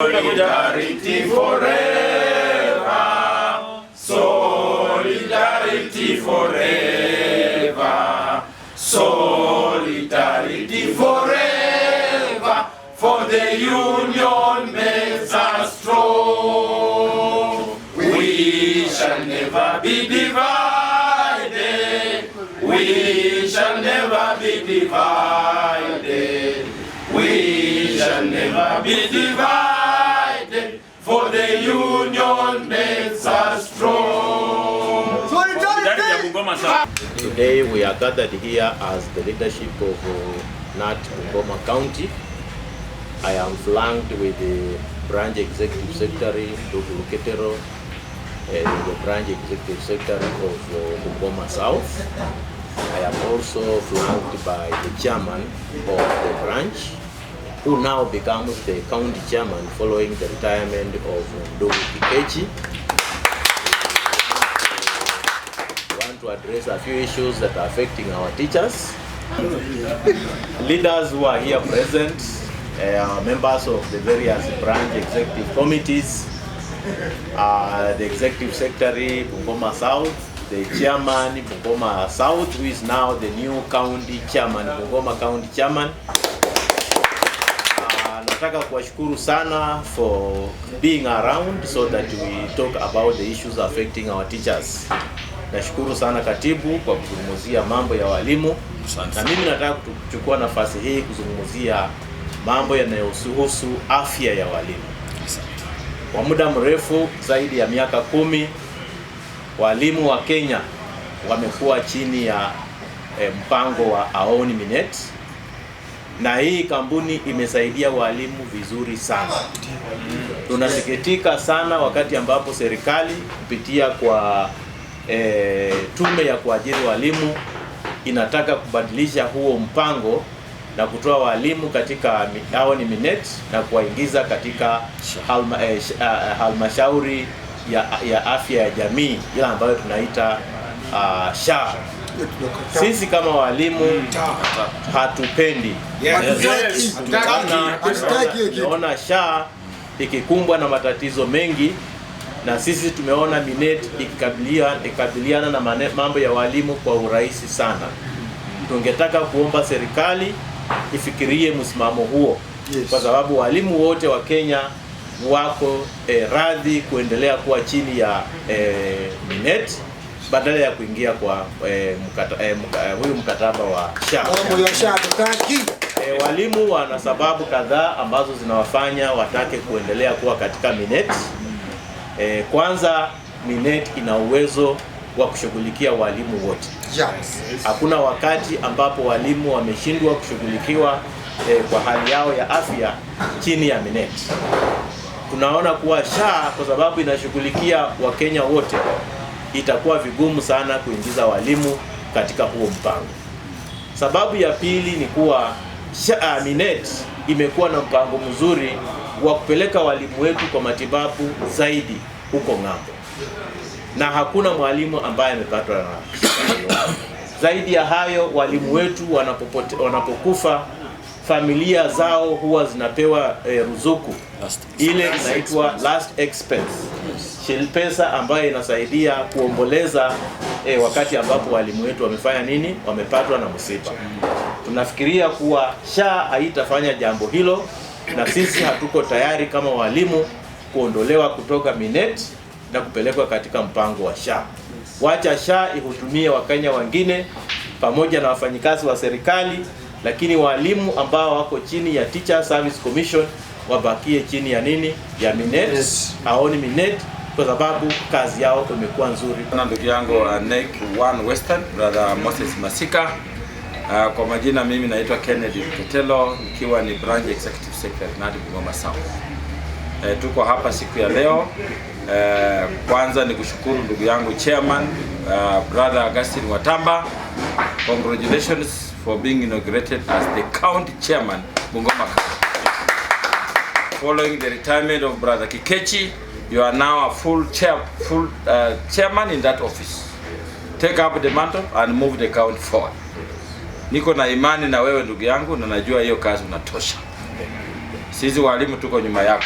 Solidarity forever, solidarity forever, solidarity forever, for the union makes us strong. We shall never be divided, we shall never be divided, we shall never be divided. for the union makes us strong. Today we are gathered here as the leadership of uh, NAT Bungoma County. I am flanked with the branch executive secretary, Dr. Luketero, and the branch executive secretary of uh, Bungoma South. I am also flanked by the chairman of the branch, who now becomes the county chairman following the retirement of Ndugu Kikechi. want to address a few issues that are affecting our teachers. Leaders who are here present, uh, members of the various branch executive committees, uh, the executive secretary Bungoma South, the chairman Bungoma South, who is now the new county chairman, Bungoma County Chairman nataka kuwashukuru sana for being around so that we talk about the issues affecting our teachers. Nashukuru sana katibu kwa kuzungumzia mambo ya walimu, na mimi nataka kuchukua nafasi hii kuzungumzia mambo yanayohusu afya ya walimu. Kwa muda mrefu zaidi ya miaka kumi, walimu wa Kenya wamekuwa chini ya eh, mpango wa Aoni Minet na hii kampuni imesaidia walimu vizuri sana. Mm. Tunasikitika sana wakati ambapo serikali kupitia kwa e, tume ya kuajiri walimu inataka kubadilisha huo mpango na kutoa walimu katika hao ni minet na kuwaingiza katika halma, eh, ah, ah, halmashauri ya, ya afya ya jamii ile ambayo tunaita uh, SHA. Sisi kama walimu hmm. hatupendi, tunaona shaa ikikumbwa na matatizo mengi, na sisi tumeona Minet ikikabiliana na mambo ya walimu kwa urahisi sana. Tungetaka kuomba serikali ifikirie msimamo huo, kwa sababu walimu wote wa Kenya wako eh, radhi kuendelea kuwa chini ya eh, Minet badala ya kuingia kwa eh, mkata, eh, mkata, eh, huyu mkataba wa SHA. Oh, eh, walimu wana sababu kadhaa ambazo zinawafanya watake kuendelea kuwa katika Minet. Eh, kwanza Minet ina uwezo wa kushughulikia walimu wote. Hakuna wakati ambapo walimu wameshindwa kushughulikiwa eh, kwa hali yao ya afya chini ya Minet. Tunaona kuwa SHA kwa sababu inashughulikia Wakenya wote itakuwa vigumu sana kuingiza walimu katika huo mpango. Sababu ya pili ni kuwa Minet ah, imekuwa na mpango mzuri wa kupeleka walimu wetu kwa matibabu zaidi huko ng'ambo, na hakuna mwalimu ambaye amepatwa na zaidi ya hayo, walimu wetu wanapopote, wanapokufa familia zao huwa zinapewa eh, ruzuku ile inaitwa last expense, yes. Pesa ambayo inasaidia kuomboleza eh, wakati ambapo walimu wetu wamefanya nini, wamepatwa na msiba. Tunafikiria kuwa SHA haitafanya jambo hilo, na sisi hatuko tayari kama walimu kuondolewa kutoka Minet na kupelekwa katika mpango wa SHA. Wacha SHA ihutumie Wakenya wengine pamoja na wafanyikazi wa serikali lakini walimu ambao wako chini ya Teacher Service Commission wabakie chini ya nini ya Minet yes. aoni Minet kwa sababu kazi yao imekuwa nzuri. Na ndugu yangu uh, NEC One Western brother Moses Masika. Uh, kwa majina mimi naitwa Kennedy ketelo nikiwa ni branch executive secretary NADU Bungoma South. Uh, tuko hapa siku ya leo uh, kwanza ni kushukuru ndugu yangu chairman uh, brother Augustine Watamba. Congratulations for being inaugurated as the county chairman Bungoma County. Following the retirement of Brother Kikechi, you are now a full chair, full uh, chairman in that office. Take up the mantle and move the county forward. Niko na imani na wewe ndugu yangu, na najua hiyo kazi unatosha. Sisi walimu tuko nyuma yako.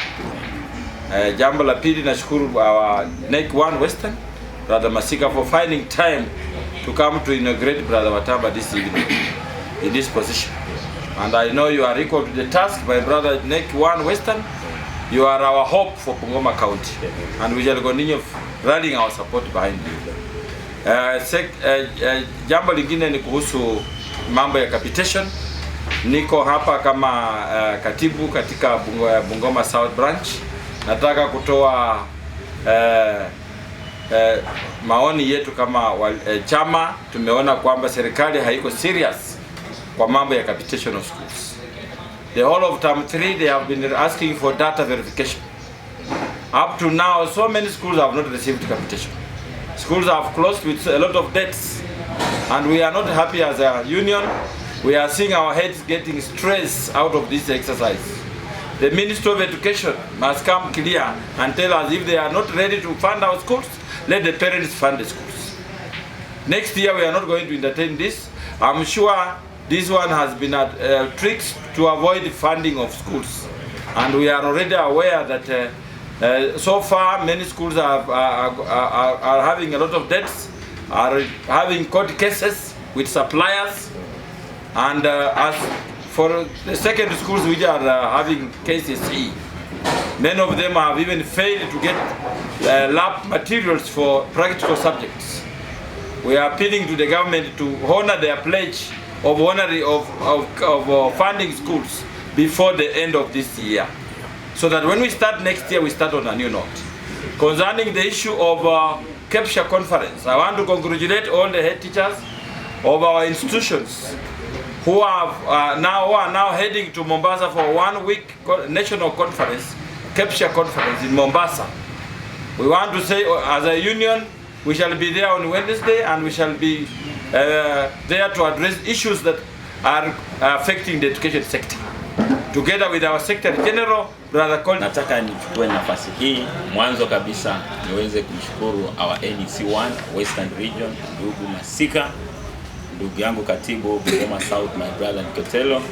Uh, jambo la pili nashukuru our uh, NEC One Western Brother Masika for finding time to come to inaugurate Brother Wataba this evening in this position. And I know you are equal to the task, my brother Nick One Western. You are our hope for Pungoma County, and we shall continue rallying our support behind you. Uh, sec, uh, uh, jambo lingine ni kuhusu mambo ya capitation. Niko hapa kama uh, katibu katika uh, Bungoma South Branch. Nataka kutoa uh, uh, maoni yetu kama uh, chama. Tumeona kwamba serikali haiko serious kwa mambo ya capitation of schools. The whole of term 3 they have been asking for data verification. Up to now so many schools have not received capitation. Schools have closed with a lot of debts and we are not happy as a union. We are seeing our heads getting stressed out of this exercise. The Minister of Education must come clear and tell us if they are not ready to fund our schools, let the parents fund the schools. Next year we are not going to entertain this. I'm sure This one has been a uh, tricks to avoid funding of schools. And we are already aware that uh, uh, so far many schools are, are, are, are, having a lot of debts, are having court cases with suppliers. And uh, as for the secondary schools which are uh, having cases many of them have even failed to get uh, lab materials for practical subjects. We are appealing to the government to honor their pledge of honorary of, of, of uh, funding schools before the end of this year so that when we start next year we start on a new note concerning the issue of uh, capture conference i want to congratulate all the head teachers of our institutions who are uh, now who are now heading to mombasa for one week national conference capture conference in mombasa we want to say uh, as a union we shall be there on wednesday and we shall be uh, there to address issues that are uh, affecting the education sector together with our secretary general brother Colin. Nataka nichukue nafasi hii mwanzo kabisa niweze kumshukuru our NEC1 Western Region ndugu Masika, ndugu yangu katibu Bungoma South, my brother Nketelo,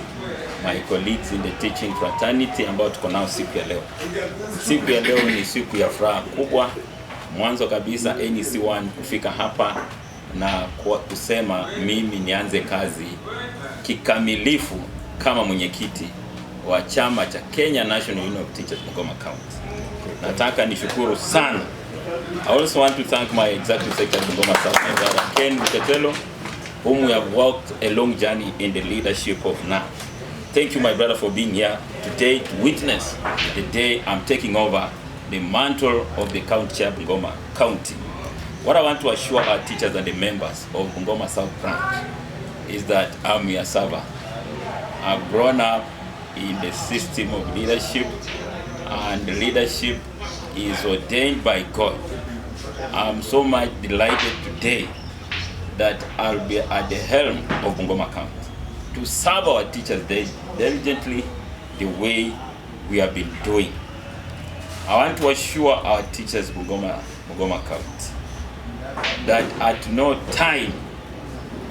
my colleagues in the teaching fraternity ambao tuko nao siku ya leo. Siku ya leo ni siku ya furaha kubwa, mwanzo kabisa NEC1 kufika hapa na kwa kusema mimi nianze kazi kikamilifu kama mwenyekiti wa chama cha Kenya National Union of Teachers Bungoma County. Nataka nishukuru sana. I also want to thank my executive secretary Bungoma South, my brother Ken Mtetelo, whom we have walked a long journey in the leadership of now. Thank you my brother for being here today to witness the day I'm taking over the mantle of the county chair Bungoma County. What I want to assure our teachers and the members of Bungoma South Branch is that I'm your servant. I've grown up in the system of leadership, and leadership is ordained by God. I'm so much delighted today that I'll be at the helm of Bungoma County to serve our teachers diligently the way we have been doing. I want to assure our teachers Bungoma, Bungoma County that at no time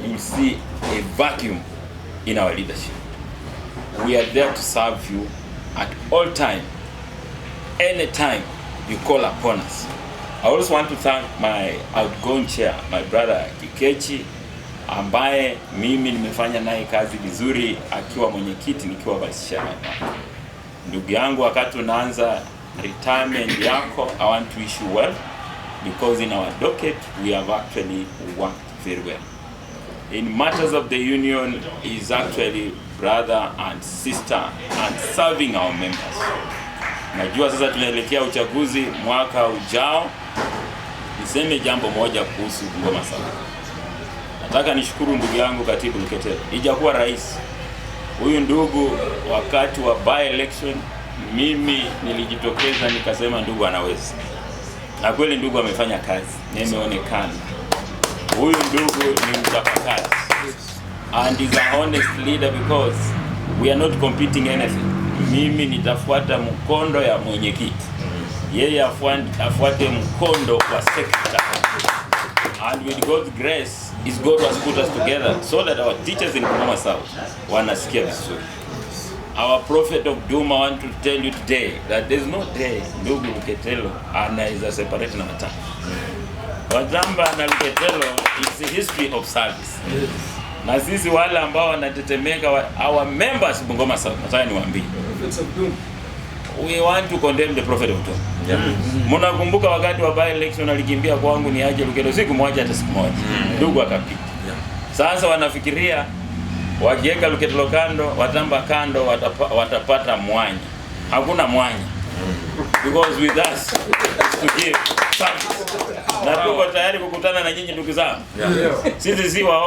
you see a vacuum in our leadership. We are there to serve you at all time, any time you call upon us. I also want to thank my outgoing chair, my brother Kikechi ambaye mimi nimefanya naye kazi vizuri akiwa mwenyekiti nikiwa vice chairman. Ndugu yangu, wakati unaanza retirement yako, I want to wish you well because in our docket we have actually worked very well. In matters of the union is actually brother and sister and serving our members. Najua sasa tunaelekea uchaguzi mwaka ujao. Niseme jambo moja kuhusu Bungoma South. Nataka nishukuru ndugu yangu Katibu Luketere. Ijakuwa rais huyu ndugu, wakati wa by election mimi nilijitokeza nikasema, ndugu anaweza na kweli ndugu amefanya kazi na imeonekana huyu ndugu ni mchapakazi and is a honest leader because we are not competing anything. Mimi nitafuata mkondo ya mwenyekiti, yeye afuate mkondo wa sekta and with God's grace is God has put us together so that our teachers in Bungoma South wanasikia vizuri. Our prophet of doom, I want to tell you today that there's no day ndugu Luketelo a separate na watamba. Wazamba na Luketelo is the history of service. Yes. Na sisi wale ambao wanatetemeka our members Bungoma South, nataka niwaambie. We want to condemn the prophet of doom. Yeah. Mm. Mnakumbuka mm wakati wa by election alikimbia kwangu ni aje Luketelo, sikumwacha hata siku moja. Mm. Ndugu mm -hmm. akapita. Yeah. Sasa wanafikiria wakiweka luketlo kando, Watamba kando, watapa, watapata mwanya. Hakuna mwanya because with us is to give thanks, na tuko tayari kukutana na nyinyi ndugu zangu, sisi si wa